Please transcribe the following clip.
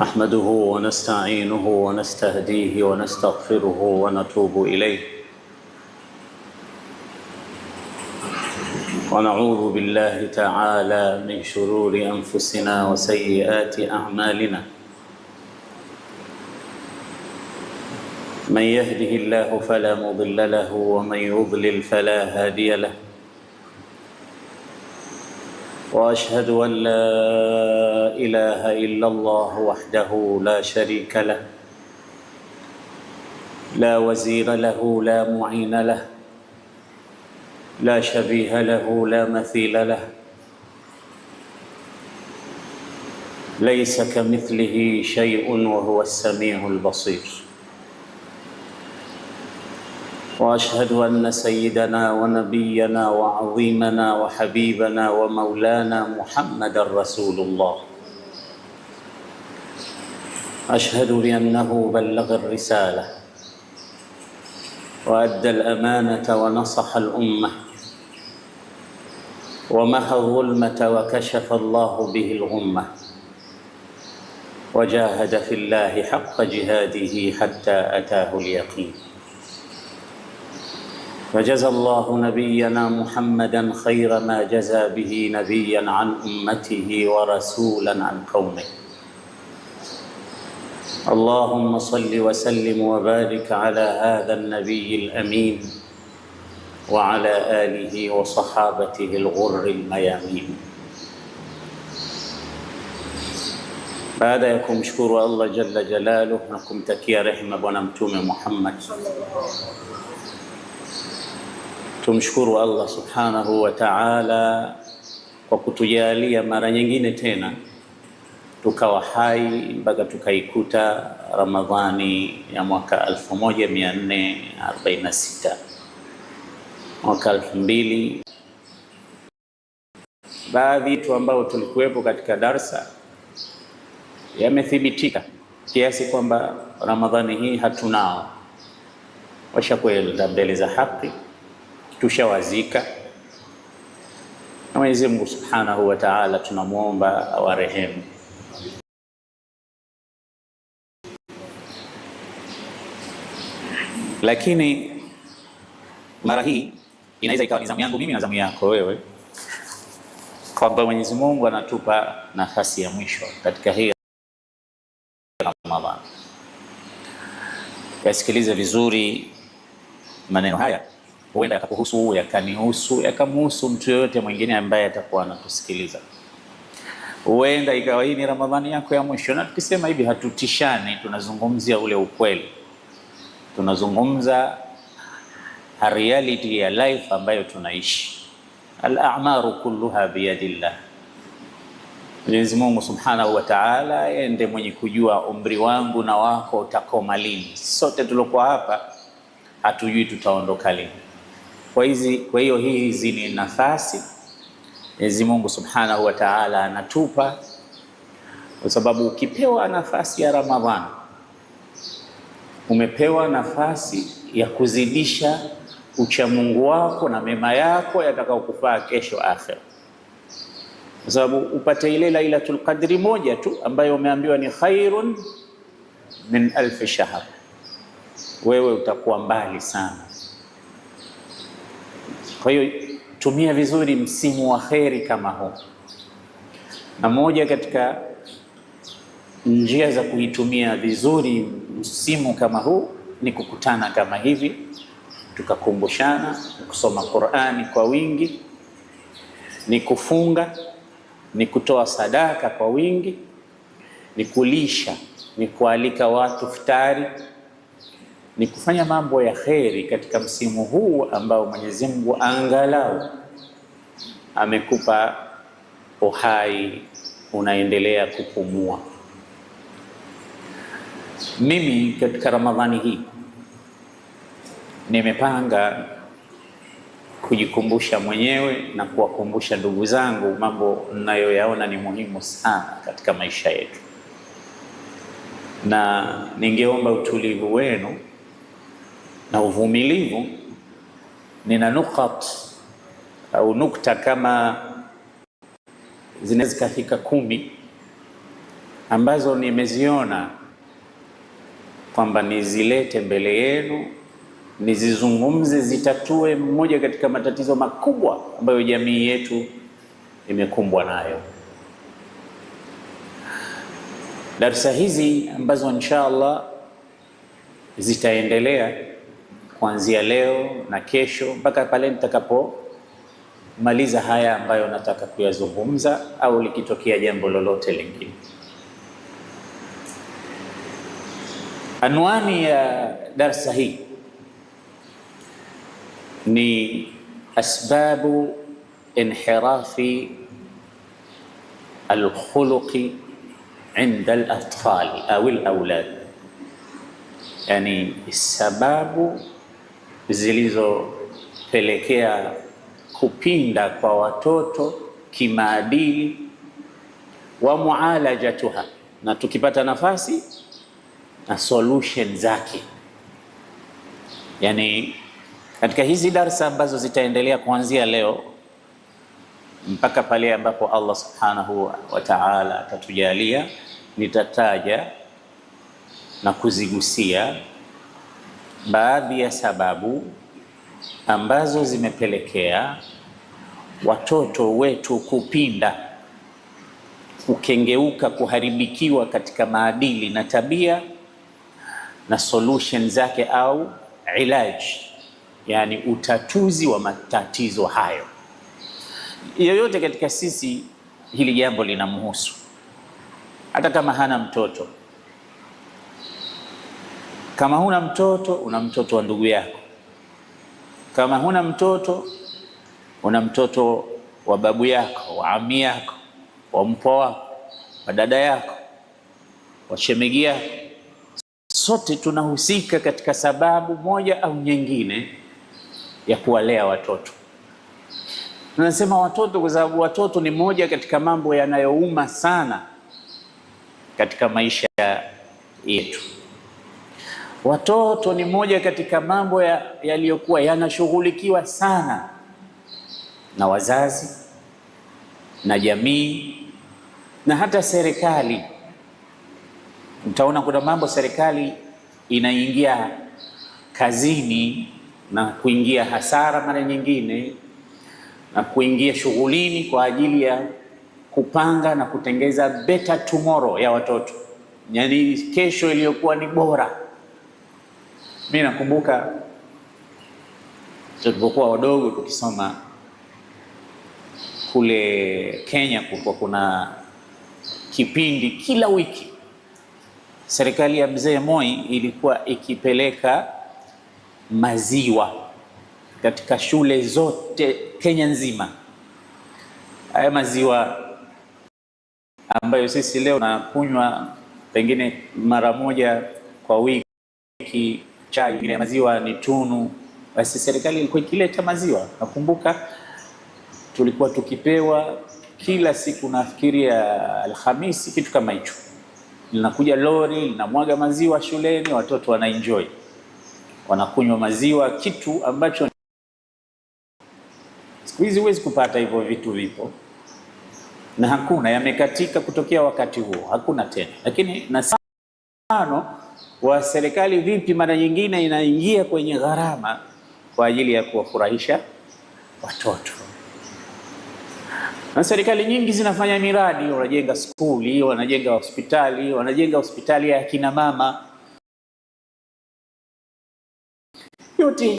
نحمده ونستعينه ونستهديه ونستغفره ونتوب اليه ونعوذ بالله تعالى من شرور انفسنا وسيئات اعمالنا من يهده الله فلا مضل له ومن يضلل فلا هادي له واشهد ان لا اله الا الله وحده لا شريك له لا وزير له لا معين له لا شبيه له لا مثيل له ليس كمثله شيء وهو السميع البصير واشهد ان سيدنا ونبينا وعظيمنا وحبيبنا ومولانا محمدا رسول الله اشهد بانه بلغ الرساله وادى الامانه ونصح الامه ومحى الظلمه وكشف الله به الغمه وجاهد في الله حق جهاده حتى اتاه اليقين فجزى الله نبينا محمدا خير ما جزى به نبيا عن امته ورسولا عن قومه اللهم صل وسلم وبارك على هذا النبي الامين وعلى اله وصحابته الغر الميامين baada ya kumshukuru Allah جل جلاله na kumtakia rehema bwana mtume Muhammad Tumshukuru Allah subhanahu wa ta'ala kwa kutujalia mara nyingine tena tukawa hai mpaka tukaikuta Ramadhani ya mwaka 1446 mwaka 2000. Baadhi tu ambao tulikuwepo katika darsa yamethibitika kiasi kwamba Ramadhani hii hatunao washakueleza mbele za haki tushawazika, na Mwenyezi Mungu Subhanahu wa Ta'ala tunamwomba awarehemu. Lakini mara hii inaweza ikawa ni zamu yangu mimi na zamu yako wewe, kwamba Mwenyezi Mungu anatupa nafasi ya mwisho katika hii Ramadhani. Yasikilize vizuri maneno haya huenda yakakuhusu, yakanihusu, yakamhusu mtu yoyote mwingine ambaye atakuwa anatusikiliza. Huenda ikawa hii ni Ramadhani yako ya mwisho, na tukisema hivi hatutishani, tunazungumzia ule ukweli, tunazungumza reality ya life ambayo tunaishi. Al-a'maru kulluha biyadillah, Mwenyezi Mungu Subhanahu wa Ta'ala ende mwenye kujua umri wangu na wako utakoma lini. Sote tuliokuwa hapa hatujui tutaondoka lini. Kwa hizi kwa hiyo hizi ni nafasi Mwenyezi Mungu Subhanahu wa Ta'ala anatupa, kwa sababu ukipewa nafasi ya Ramadhani umepewa nafasi ya kuzidisha uchamungu wako na mema yako yatakayokufaa kesho akhera, kwa sababu upate ile Lailatul Qadri moja tu ambayo umeambiwa ni khairun min alf shahr, wewe utakuwa mbali sana kwa hiyo tumia vizuri msimu wa kheri kama huu, na moja katika njia za kuitumia vizuri msimu kama huu ni kukutana kama hivi, tukakumbushana, kusoma Qur'ani kwa wingi, ni kufunga, ni kutoa sadaka kwa wingi, ni kulisha, ni kualika watu futari ni kufanya mambo ya kheri katika msimu huu ambao Mwenyezi Mungu angalau amekupa uhai, unaendelea kupumua. Mimi katika Ramadhani hii nimepanga kujikumbusha mwenyewe na kuwakumbusha ndugu zangu mambo ninayoyaona ni muhimu sana katika maisha yetu, na ningeomba utulivu wenu na uvumilivu, nina nukat au nukta kama zinaweza kumi ambazo nimeziona kwamba nizilete mbele yenu, nizizungumze, zitatue mmoja katika matatizo makubwa ambayo jamii yetu imekumbwa nayo. Darsa hizi ambazo insha Allah zitaendelea kuanzia leo na kesho mpaka pale nitakapomaliza haya ambayo nataka kuyazungumza, au likitokea jambo lolote lingine. Anwani ya darsa hii ni asbabu inhirafi alkhuluqi inda alatfal au alawlad, yani sababu zilizopelekea kupinda kwa watoto kimaadili wa muaalajatuha, na tukipata nafasi na solution zake, yani katika hizi darsa ambazo zitaendelea kuanzia leo mpaka pale ambapo Allah subhanahu wa ta'ala atatujalia, nitataja na kuzigusia baadhi ya sababu ambazo zimepelekea watoto wetu kupinda kukengeuka, kuharibikiwa katika maadili na tabia, na solution zake au ilaji, yani utatuzi wa matatizo hayo. Yoyote katika sisi hili jambo linamhusu, hata kama hana mtoto kama huna mtoto, una mtoto wa ndugu yako. Kama huna mtoto, una mtoto wa babu yako, wa ami yako, wa mpwa wako, wa dada yako, wa shemegi yako. Sote tunahusika katika sababu moja au nyingine ya kuwalea watoto. Tunasema watoto kwa sababu watoto ni moja katika mambo yanayouma sana katika maisha yetu. Watoto ni moja katika mambo yaliyokuwa ya yanashughulikiwa sana na wazazi na jamii na hata serikali. Mtaona kuna mambo serikali inaingia kazini na kuingia hasara mara nyingine na kuingia shughulini kwa ajili ya kupanga na kutengeza better tomorrow ya watoto, yaani kesho iliyokuwa ni bora. Mimi nakumbuka tulipokuwa wadogo tukisoma kule Kenya, kulikuwa kuna kipindi kila wiki serikali ya mzee Moi ilikuwa ikipeleka maziwa katika shule zote Kenya nzima. Haya maziwa ambayo sisi leo tunakunywa pengine mara moja kwa wiki chai, wengine maziwa ni tunu. Basi serikali ilikuwa ikileta maziwa, nakumbuka tulikuwa tukipewa kila siku, nafikiria Alhamisi, kitu kama hicho, linakuja lori linamwaga maziwa shuleni, watoto wanaenjoy, wanakunywa maziwa, kitu ambacho siku hizi huwezi kupata. Hivyo vitu vipo na hakuna, yamekatika kutokea wakati huo, hakuna tena, lakini na sano wa serikali vipi, mara nyingine inaingia kwenye gharama kwa ajili ya kuwafurahisha watoto. Na serikali nyingi zinafanya miradi, wanajenga skuli, wanajenga hospitali, wanajenga hospitali ya akina mama yote